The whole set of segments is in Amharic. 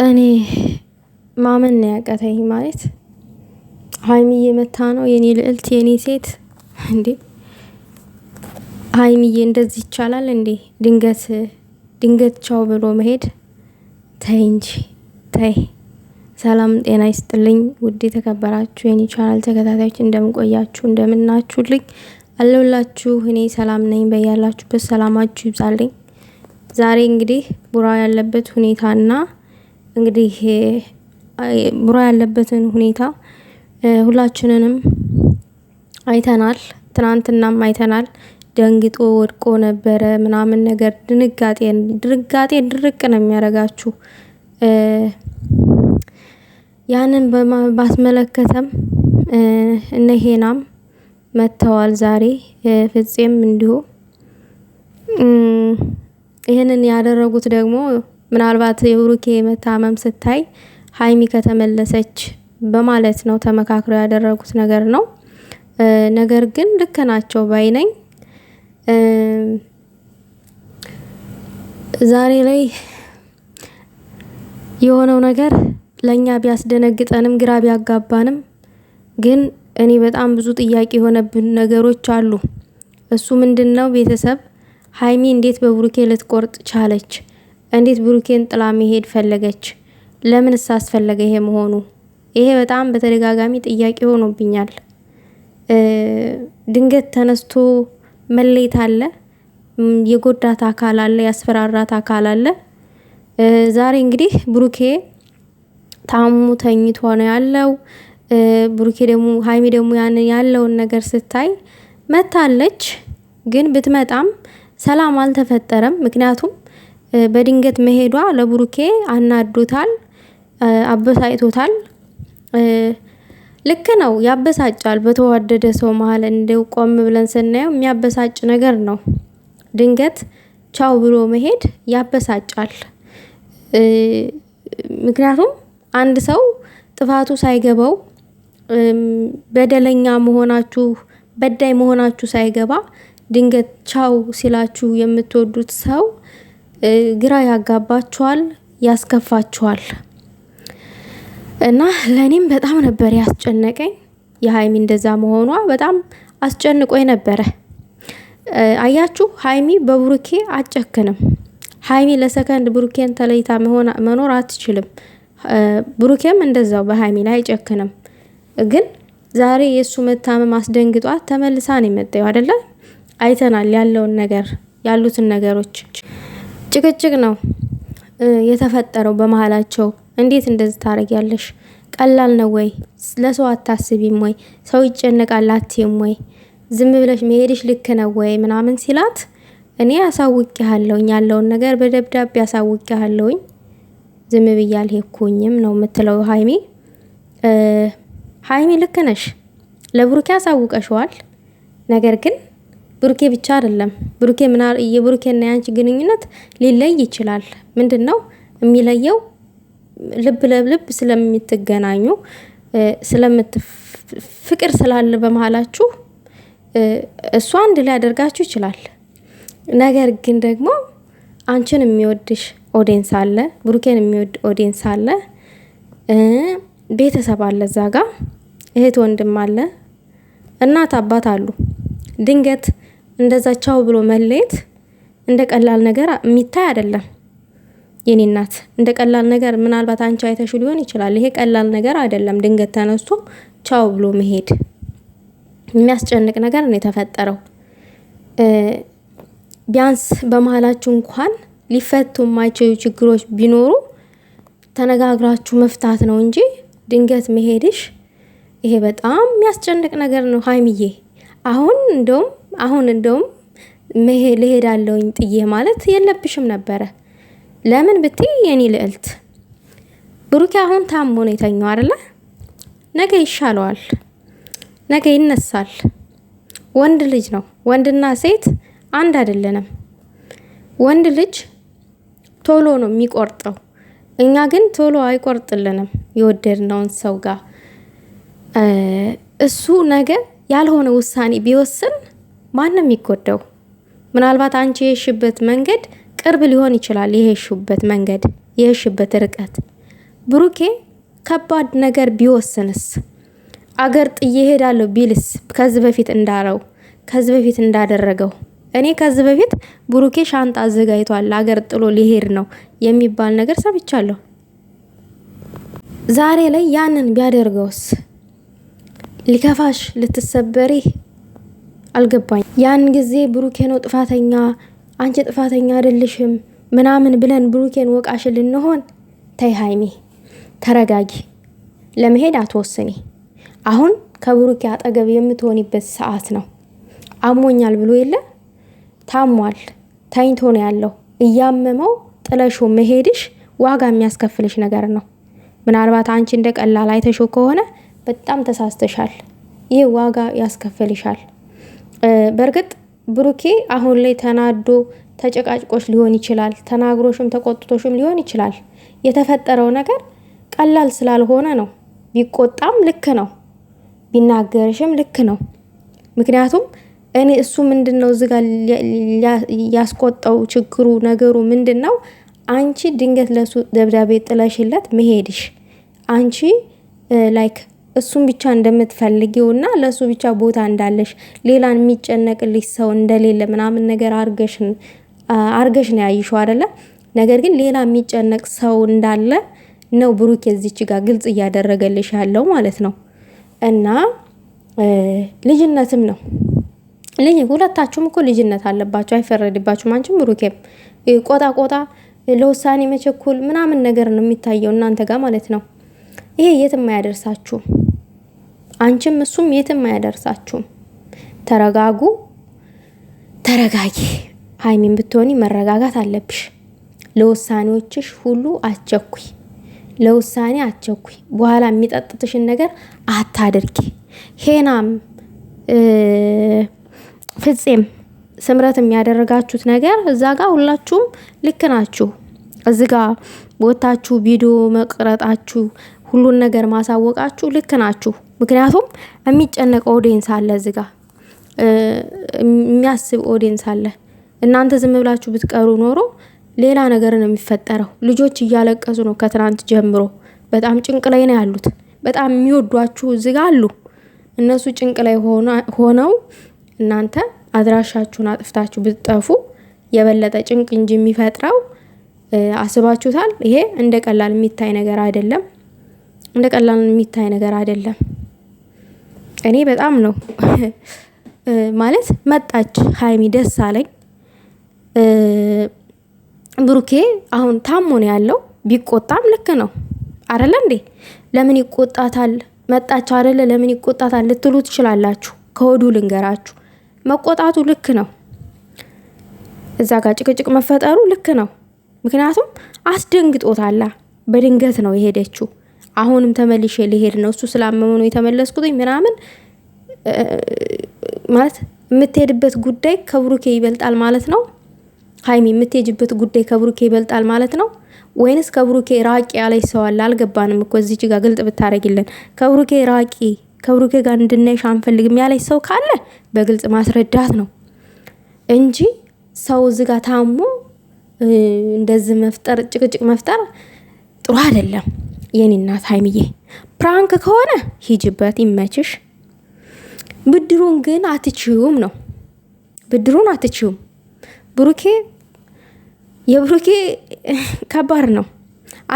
እኔ ማመን ነው ያቀተኝ። ማለት ሀይሚዬ መታ ነው የኔ ልዕልት የኔ ሴት እንዴ! ሀይሚዬ እንደዚህ ይቻላል እንዴ? ድንገት ድንገት ቻው ብሎ መሄድ ተይ እንጂ ተይ። ሰላም ጤና ይስጥልኝ ውድ የተከበራችሁ የኔ ቻናል ተከታታዮች እንደምንቆያችሁ እንደምናችሁልኝ አለሁላችሁ። እኔ ሰላም ነኝ። በያላችሁበት ሰላማችሁ ይብዛልኝ። ዛሬ እንግዲህ ቡራ ያለበት ሁኔታና እንግዲህ ቡራ ያለበትን ሁኔታ ሁላችንንም አይተናል። ትናንትናም አይተናል። ደንግጦ ወድቆ ነበረ ምናምን ነገር ድንጋጤ ድንጋጤ ድርቅ ነው የሚያደርጋችሁ። ያንን ባስመለከተም እነ ሄናም መጥተዋል ዛሬ ፍጼም እንዲሁ ይህንን ያደረጉት ደግሞ ምናልባት የብሩኬ መታመም ስታይ ሀይሚ ከተመለሰች በማለት ነው ተመካክረው ያደረጉት ነገር ነው። ነገር ግን ልክ ናቸው ባይ ነኝ። ዛሬ ላይ የሆነው ነገር ለእኛ ቢያስደነግጠንም ግራ ቢያጋባንም ግን እኔ በጣም ብዙ ጥያቄ የሆነብን ነገሮች አሉ። እሱ ምንድን ነው ቤተሰብ ሀይሚ እንዴት በብሩኬ ልትቆርጥ ቻለች? እንዴት ብሩኬን ጥላ መሄድ ፈለገች? ለምን አስፈለገ ይሄ መሆኑ? ይሄ በጣም በተደጋጋሚ ጥያቄ ሆኖብኛል። ድንገት ተነስቶ መለየት አለ፣ የጎዳት አካል አለ፣ ያስፈራራት አካል አለ። ዛሬ እንግዲህ ብሩኬ ታሙ ተኝቶ ነው ያለው። ብሩኬ ደግሞ ሀይሚ ደግሞ ያንን ያለውን ነገር ስታይ መታለች፣ ግን ብትመጣም ሰላም አልተፈጠረም። ምክንያቱም በድንገት መሄዷ ለብሩኬ አናዶታል፣ አበሳጭቶታል። ልክ ነው፣ ያበሳጫል። በተዋደደ ሰው መሀል እንደው ቆም ብለን ስናየው የሚያበሳጭ ነገር ነው። ድንገት ቻው ብሎ መሄድ ያበሳጫል። ምክንያቱም አንድ ሰው ጥፋቱ ሳይገባው በደለኛ መሆናችሁ በዳይ መሆናችሁ ሳይገባ ድንገት ቻው ሲላችሁ የምትወዱት ሰው ግራ ያጋባችኋል፣ ያስከፋችኋል። እና ለእኔም በጣም ነበር ያስጨነቀኝ የሀይሚ እንደዛ መሆኗ በጣም አስጨንቆ ነበረ። አያችሁ ሀይሚ በብሩኬ አጨክንም። ሀይሚ ለሰከንድ ብሩኬን ተለይታ መኖር አትችልም። ብሩኬም እንደዛው በሀይሚ ላይ አይጨክንም። ግን ዛሬ የእሱ መታመም አስደንግጧት ተመልሳ ነው የመጣው አይደለ? አይተናል ያለውን ነገር ያሉትን ነገሮች ጭቅጭቅ ነው የተፈጠረው በመሀላቸው። እንዴት እንደዚህ ታደርጊያለሽ? ቀላል ነው ወይ? ለሰው አታስቢም ወይ? ሰው ይጨነቃል አትይም ወይ? ዝም ብለሽ መሄድሽ ልክ ነው ወይ? ምናምን ሲላት እኔ አሳውቅሃለሁኝ ያለውን ነገር በደብዳቤ አሳውቅሃለሁኝ ዝም ብዬ አልሄድኩኝም ነው የምትለው ሀይሚ። ሀይሚ ልክ ነሽ፣ ለብሩኬ አሳውቀሸዋል ነገር ግን ብሩኬ ብቻ አይደለም። ብሩኬ ምና የብሩኬና ያንቺ ግንኙነት ሊለይ ይችላል። ምንድን ነው የሚለየው? ልብ ለልብ ስለምትገናኙ ፍቅር ስላለ በመሀላችሁ እሱ አንድ ላይ ይችላል። ነገር ግን ደግሞ አንቺን የሚወድሽ ኦዲንስ አለ፣ ብሩኬን የሚወድ ኦዲንስ አለ፣ ቤተሰብ አለ፣ እዛ ጋ እህት ወንድም አለ፣ እናት አባት አሉ ድንገት እንደዛ ቻው ብሎ መለየት እንደ ቀላል ነገር የሚታይ አይደለም። የኔ እናት እንደ ቀላል ነገር ምናልባት አንቺ አይተሹ ሊሆን ይችላል። ይሄ ቀላል ነገር አይደለም። ድንገት ተነስቶ ቻው ብሎ መሄድ የሚያስጨንቅ ነገር ነው የተፈጠረው። ቢያንስ በመሀላችሁ እንኳን ሊፈቱ የማይችሉ ችግሮች ቢኖሩ ተነጋግራችሁ መፍታት ነው እንጂ ድንገት መሄድሽ ይሄ በጣም የሚያስጨንቅ ነገር ነው ሀይምዬ አሁን እንደውም አሁን እንደውም ልሄዳለሁኝ ጥዬ ማለት የለብሽም ነበረ። ለምን ብትይ የኔ ልዕልት ብሩኬ አሁን ታሞ ነው የተኛው አይደለ? ነገ ይሻለዋል፣ ነገ ይነሳል። ወንድ ልጅ ነው። ወንድና ሴት አንድ አይደለንም። ወንድ ልጅ ቶሎ ነው የሚቆርጠው፣ እኛ ግን ቶሎ አይቆርጥልንም። የወደድነውን ሰው ጋር እሱ ነገ ያልሆነ ውሳኔ ቢወስን ማን ነው የሚጎዳው? ምናልባት አንቺ የሄድሽበት መንገድ ቅርብ ሊሆን ይችላል። የሄድሽበት መንገድ የሄድሽበት ርቀት ብሩኬ ከባድ ነገር ቢወስንስ አገር ጥዬ ሄዳለሁ ቢልስ ከዚህ በፊት እንዳለው ከዚህ በፊት እንዳደረገው እኔ ከዚህ በፊት ብሩኬ ሻንጣ አዘጋጅቷል አገር ጥሎ ሊሄድ ነው የሚባል ነገር ሰምቻለሁ። ዛሬ ላይ ያንን ቢያደርገውስ ሊከፋሽ ልትሰበሪ አልገባኝ። ያን ጊዜ ብሩኬ ነው ጥፋተኛ፣ አንቺ ጥፋተኛ አይደለሽም ምናምን ብለን ብሩኬን ወቃሽ ልንሆን። ተይ ሀይሚ ተረጋጊ፣ ለመሄድ አትወስኒ። አሁን ከብሩኬ አጠገብ የምትሆኒበት ሰዓት ነው። አሞኛል ብሎ የለ ታሟል፣ ተኝቶ ነው ያለው። እያመመው ጥለሾ መሄድሽ ዋጋ የሚያስከፍልሽ ነገር ነው። ምናልባት አንቺ እንደ ቀላል አይተሾ ከሆነ በጣም ተሳስተሻል። ይህ ዋጋ ያስከፍልሻል። በእርግጥ ብሩኬ አሁን ላይ ተናዶ ተጨቃጭቆች ሊሆን ይችላል፣ ተናግሮሽም ተቆጥቶሽም ሊሆን ይችላል። የተፈጠረው ነገር ቀላል ስላልሆነ ነው። ቢቆጣም ልክ ነው፣ ቢናገርሽም ልክ ነው። ምክንያቱም እኔ እሱ ምንድን ነው እዚህ ጋር ያስቆጣው ችግሩ ነገሩ ምንድን ነው? አንቺ ድንገት ለሱ ደብዳቤ ጥለሽለት መሄድሽ አንቺ ላይክ እሱን ብቻ እንደምትፈልጊውና ለእሱ ብቻ ቦታ እንዳለሽ ሌላን የሚጨነቅልሽ ሰው እንደሌለ ምናምን ነገር አርገሽን አርገሽ ነው ያይሽው አደለ። ነገር ግን ሌላ የሚጨነቅ ሰው እንዳለ ነው ብሩክ የዚች ጋር ግልጽ እያደረገልሽ ያለው ማለት ነው። እና ልጅነትም ነው ልጅ ሁለታችሁም እኮ ልጅነት አለባቸው አይፈረድባችሁም። አንቺም ብሩኬም ቆጣ ቆጣ ለውሳኔ መቸኩል ምናምን ነገር ነው የሚታየው እናንተ ጋር ማለት ነው። ይሄ የትም አያደርሳችሁም። አንቺም እሱም የትም አያደርሳችሁም። ተረጋጉ፣ ተረጋጊ። ሀይሚን ብትሆኒ መረጋጋት አለብሽ። ለውሳኔዎችሽ ሁሉ አቸኩይ፣ ለውሳኔ አቸኩይ። በኋላ የሚጠጥትሽን ነገር አታድርጊ። ሄናም ፍፄም ስምረት የሚያደረጋችሁት ነገር እዛ ጋር ሁላችሁም ልክ ናችሁ። እዚ ጋ ቦታችሁ ቪዲዮ መቅረጣችሁ ሁሉን ነገር ማሳወቃችሁ ልክ ናችሁ። ምክንያቱም የሚጨነቅ ኦዲየንስ አለ፣ እዚህ ጋ የሚያስብ ኦዲየንስ አለ። እናንተ ዝም ብላችሁ ብትቀሩ ኖሮ ሌላ ነገር ነው የሚፈጠረው። ልጆች እያለቀሱ ነው ከትናንት ጀምሮ፣ በጣም ጭንቅ ላይ ነው ያሉት። በጣም የሚወዷችሁ እዚህ ጋ አሉ። እነሱ ጭንቅ ላይ ሆነው እናንተ አድራሻችሁን አጥፍታችሁ ብትጠፉ የበለጠ ጭንቅ እንጂ የሚፈጥረው አስባችሁታል? ይሄ እንደ ቀላል የሚታይ ነገር አይደለም። እንደ ቀላል የሚታይ ነገር አይደለም። እኔ በጣም ነው ማለት መጣች ሀይሚ ደስ አለኝ። ብሩኬ አሁን ታሞ ነው ያለው። ቢቆጣም ልክ ነው አደለ እንዴ? ለምን ይቆጣታል? መጣች አደለ? ለምን ይቆጣታል ልትሉ ትችላላችሁ። ከወዱ ልንገራችሁ፣ መቆጣቱ ልክ ነው። እዛ ጋር ጭቅጭቅ መፈጠሩ ልክ ነው። ምክንያቱም አስደንግጦታላ። በድንገት ነው የሄደችው። አሁንም ተመልሼ ልሄድ ነው እሱ ስላመመ ነው የተመለስኩትኝ ምናምን ማለት የምትሄድበት ጉዳይ ከብሩኬ ይበልጣል ማለት ነው። ሀይሚ የምትሄጅበት ጉዳይ ከብሩኬ ይበልጣል ማለት ነው ወይንስ ከብሩኬ ራቂ ያለች ሰው አለ? አልገባንም እኮ እዚች ጋር ግልጥ ብታረጊልን። ከብሩኬ ራቂ፣ ከብሩኬ ጋር እንድናይሽ አንፈልግም ያለች ሰው ካለ በግልጽ ማስረዳት ነው እንጂ ሰው እዚ ጋር ታሞ እንደዚህ መፍጠር ጭቅጭቅ መፍጠር ጥሩ አይደለም። የኔ እናት ሀይምዬ ፕራንክ ከሆነ ሂጅበት ይመችሽ። ብድሩን ግን አትችውም ነው ብድሩን አትችውም። ብሩኬ የብሩኬ ከባድ ነው።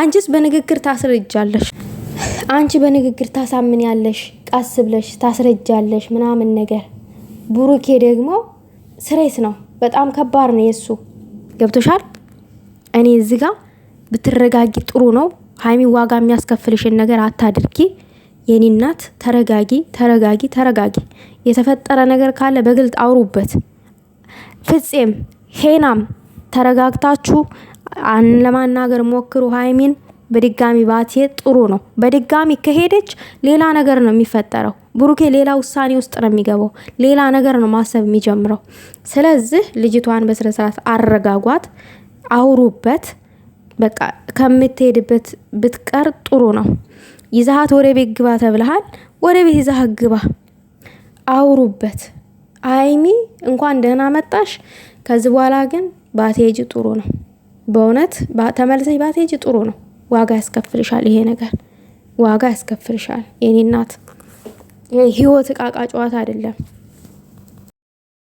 አንቺስ በንግግር ታስረጃለሽ። አንቺ በንግግር ታሳምን ያለሽ ቀስ ብለሽ ታስረጃለሽ ምናምን ነገር። ብሩኬ ደግሞ ስሬት ነው፣ በጣም ከባድ ነው የእሱ ገብቶሻል። እኔ እዚህ ጋ ብትረጋጊ ጥሩ ነው። ሀይሚ ዋጋ የሚያስከፍልሽን ነገር አታድርጊ። የኔ እናት ተረጋጊ፣ ተረጋጊ፣ ተረጋጊ። የተፈጠረ ነገር ካለ በግልጥ አውሩበት። ፍፄም ሄናም ተረጋግታችሁ ለማናገር ሞክሩ። ሀይሚን በድጋሚ ባቴ ጥሩ ነው። በድጋሚ ከሄደች ሌላ ነገር ነው የሚፈጠረው። ብሩኬ ሌላ ውሳኔ ውስጥ ነው የሚገባው። ሌላ ነገር ነው ማሰብ የሚጀምረው። ስለዚህ ልጅቷን በስነስርዓት አረጋጓት፣ አውሩበት። በቃ ከምትሄድበት ብትቀር ጥሩ ነው። ይዛሃት ወደ ቤት ግባ ተብልሃል። ወደ ቤት ይዛሃት ግባ፣ አውሩበት። አይሚ እንኳን ደህና መጣሽ። ከዚህ በኋላ ግን ባትሄጂ ጥሩ ነው። በእውነት ተመልሰሽ ባትሄጂ ጥሩ ነው። ዋጋ ያስከፍልሻል። ይሄ ነገር ዋጋ ያስከፍልሻል የኔ እናት። ህይወት እቃቃ ጨዋታ አይደለም።